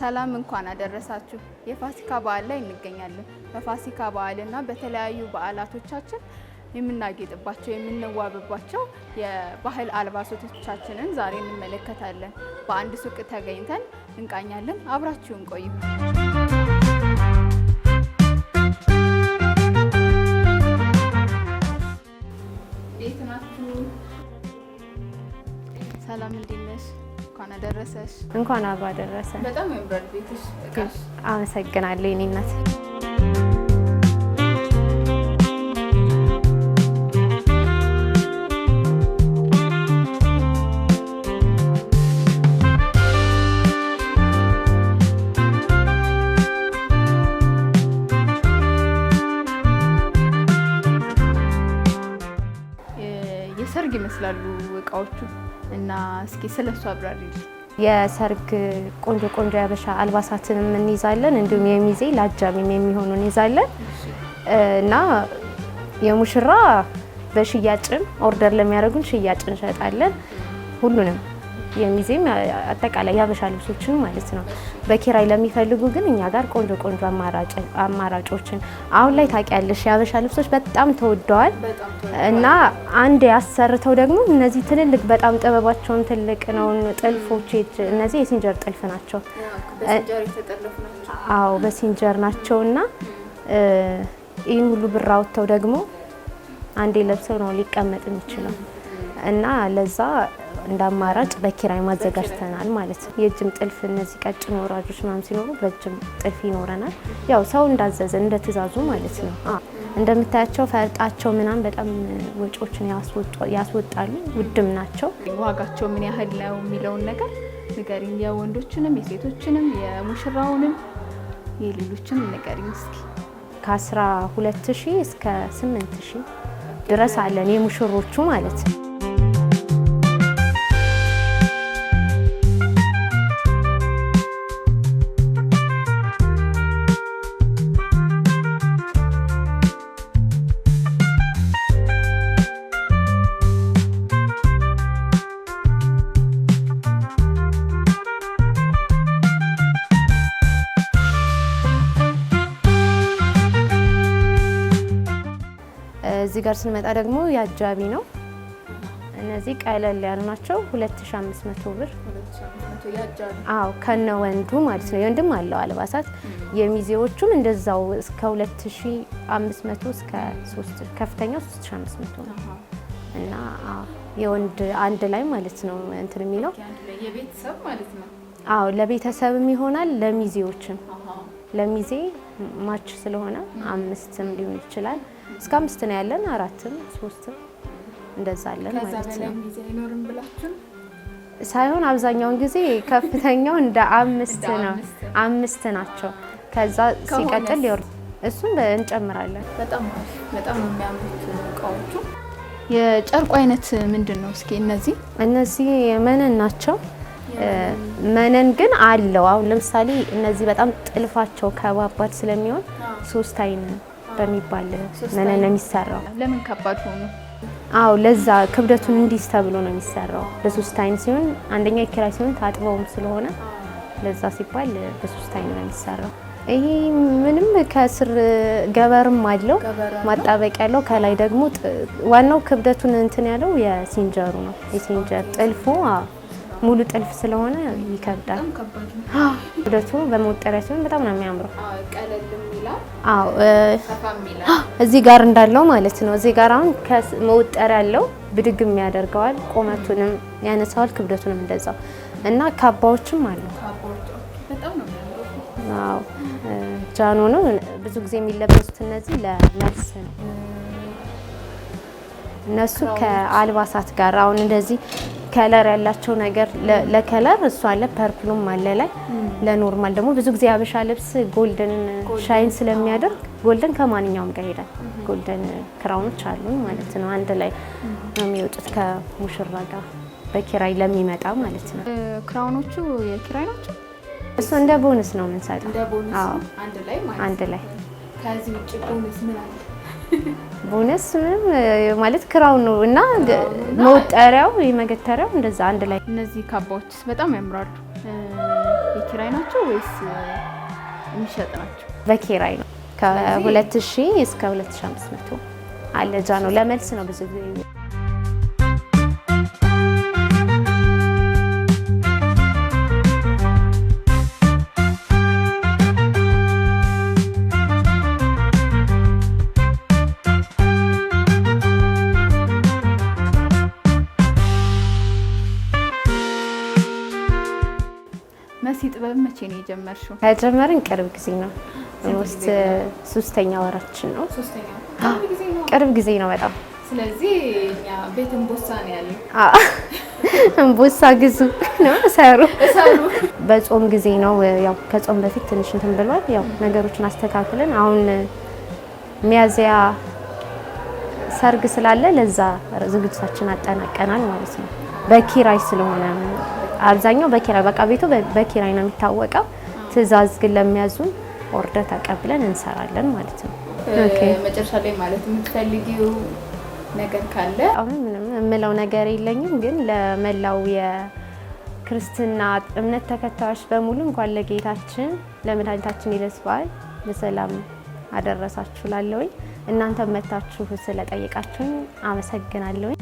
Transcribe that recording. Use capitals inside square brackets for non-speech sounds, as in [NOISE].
ሰላም እንኳን አደረሳችሁ። የፋሲካ በዓል ላይ እንገኛለን። በፋሲካ በዓልና በተለያዩ በዓላቶቻችን የምናጌጥባቸው የምንዋብባቸው የባህል አልባሳቶቻችንን ዛሬ እንመለከታለን። በአንድ ሱቅ ተገኝተን እንቃኛለን። አብራችሁን ቆዩ። ሰላም እንዴት ነሽ? እንኳን አደረሰሽ። እንኳን አብሮ አደረሰ። በጣም ያምራል ቤትሽ። አመሰግናለሁ የኔ እናት። የሰርግ ይመስላሉ እቃዎቹ እና እስኪ ስለሱ አብራሪ። የሰርግ ቆንጆ ቆንጆ ያበሻ አልባሳትንም እንይዛለን እንዲሁም የሚዜ ለአጃሚም የሚሆኑ እንይዛለን እና የሙሽራ በሽያጭም ኦርደር ለሚያደርጉን ሽያጭ እንሸጣለን ሁሉንም የሚዜም አጠቃላይ የሀበሻ ልብሶችን ማለት ነው። በኪራይ ለሚፈልጉ ግን እኛ ጋር ቆንጆ ቆንጆ አማራጮችን አሁን ላይ ታውቂያለሽ፣ የሀበሻ ልብሶች በጣም ተወደዋል እና አንድ ያሰርተው ደግሞ እነዚህ ትልልቅ በጣም ጥበባቸውን ትልቅ ነው ጥልፎች፣ እነዚህ የሲንጀር ጥልፍ ናቸው። አዎ በሲንጀር ናቸው እና ይህን ሁሉ ብር አውጥተው ደግሞ አንዴ ለብሰው ነው ሊቀመጥ የሚችለው። እና ለዛ እንደ አማራጭ በኪራይ ማዘጋጅተናል ማለት ነው። የእጅም ጥልፍ እነዚህ ቀጭን ወራጆች ምናምን ሲኖሩ በእጅም ጥልፍ ይኖረናል። ያው ሰው እንዳዘዘ እንደ ትእዛዙ ማለት ነው። እንደምታያቸው ፈርጣቸው ምናምን በጣም ወጪዎችን ያስወጣሉ፣ ውድም ናቸው። ዋጋቸው ምን ያህል ነው የሚለውን ነገር ንገሪኝ። የወንዶችንም የሴቶችንም የሙሽራውንም የሌሎችን ንገሪኝ እስኪ። ከ12 ሺህ እስከ 8 ሺህ ድረስ አለን የሙሽሮቹ ማለት ነው። እዚህ ጋር ስንመጣ ደግሞ የአጃቢ ነው። እነዚህ ቀለል ያሉ ናቸው። 2500 ብር አዎ፣ ከነ ወንዱ ማለት ነው። የወንድም አለው አልባሳት። የሚዜዎቹም እንደዛው እስከ 2500 እስከ 3 ከፍተኛው 3500 ነው እና የወንድ አንድ ላይ ማለት ነው እንትን የሚለው የቤተሰብ ማለት ነው። አዎ፣ ለቤተሰብም ይሆናል ለሚዜዎችም ለሚዜ ማች ስለሆነ አምስትም ሊሆን ይችላል። እስከ አምስት ነው ያለን፣ አራትም ሶስትም እንደዛ አለን ማለት ነው ሳይሆን አብዛኛውን ጊዜ ከፍተኛው እንደ አምስት ነው፣ አምስት ናቸው። ከዛ ሲቀጥል ይወር እሱም እንጨምራለን። በጣም በጣም የሚያምሩት እቃዎቹ የጨርቁ አይነት ምንድን ነው? እስኪ እነዚህ እነዚህ የመንን ናቸው። መነን ግን አለው። አሁን ለምሳሌ እነዚህ በጣም ጥልፋቸው ከባባድ ስለሚሆን ሶስት አይን በሚባል መነን ነው የሚሰራው። ለምን ከባድ ሆኑ? አዎ ለዛ ክብደቱን እንዲስ ተብሎ ነው የሚሰራው። በሶስት አይን ሲሆን አንደኛ የኪራይ ሲሆን ታጥበውም ስለሆነ ለዛ ሲባል በሶስት አይን ነው የሚሰራው። ይሄ ምንም ከስር ገበርም አለው ማጣበቂያ ያለው ከላይ ደግሞ ዋናው ክብደቱን እንትን ያለው የሲንጀሩ ነው። የሲንጀር ጥልፉ ሙሉ ጥልፍ ስለሆነ ይከብዳል። ውደቱ በመወጠሪያ ሲሆን በጣም ነው የሚያምረው። አዎ እዚህ ጋር እንዳለው ማለት ነው። እዚህ ጋር አሁን መወጠሪያ ያለው ብድግም ያደርገዋል፣ ቁመቱንም ያነሳዋል፣ ክብደቱንም እንደዛው እና ካባዎችም አሉ። አዎ ጃኖ ነው ብዙ ጊዜ የሚለበሱት እነዚህ ለመልስ ነው። እነሱ ከአልባሳት ጋር አሁን እንደዚህ ከለር ያላቸው ነገር ለከለር እሱ አለ፣ ፐርፕሉም አለ ላይ ለኖርማል ደግሞ ብዙ ጊዜ አበሻ ልብስ ጎልደን ሻይን ስለሚያደርግ ጎልደን ከማንኛውም ጋር ሄዳል። ጎልደን ክራውኖች አሉን ማለት ነው። አንድ ላይ ነው የሚወጡት ከሙሽራ ጋር በኪራይ ለሚመጣ ማለት ነው። ክራውኖቹ የኪራይ ናቸው። እሱ እንደ ቦነስ ነው የምንሰጠው አንድ ላይ። ከዚህ ውጭ ቦነስ ምን አለ? ቦነስ ምንም ማለት ክራው ነው እና መውጠሪያው የመገተሪያው እንደዛ አንድ ላይ። እነዚህ ካባዎችስ በጣም ያምራሉ። የኪራይ ናቸው ወይስ የሚሸጥ ናቸው? በኪራይ ነው። ከ2000 እስከ 2500 አለጃ ነው። ለመልስ ነው ብዙ ጊዜ መቼ ነው የጀመርሽው? ከጀመርን ቅርብ ጊዜ ነው። ውስጥ ሶስተኛ ወራችን ነው። ቅርብ ጊዜ ነው በጣም ስለዚህ እኛ ቤት እምቦሳ ነው ያለው። [LAUGHS] እንቦሳ ግዙ ነው ሰሩ በጾም ጊዜ ነው ያው ከጾም በፊት ትንሽ እንትን ብሏል። ያው ነገሮችን አስተካክለን አሁን ሚያዚያ ሰርግ ስላለ ለዛ ዝግጅታችን አጠናቀናል ማለት ነው። በኪራይ ስለሆነ አብዛኛው በኪራይ በቃ ቤቱ በኪራይ ነው የሚታወቀው። ትዕዛዝ ግን ለሚያዙን ኦርደር ተቀብለን እንሰራለን ማለት ነው። መጨረሻ ላይ ማለት የምትፈልጊው ነገር ካለ? አሁን ምንም የምለው ነገር የለኝም፣ ግን ለመላው የክርስትና እምነት ተከታዮች በሙሉ እንኳን ለጌታችን ለመድኃኒታችን ልደት በዓል በሰላም አደረሳችሁ ላለሁኝ። እናንተ መታችሁ ስለጠየቃችሁኝ አመሰግናለሁኝ።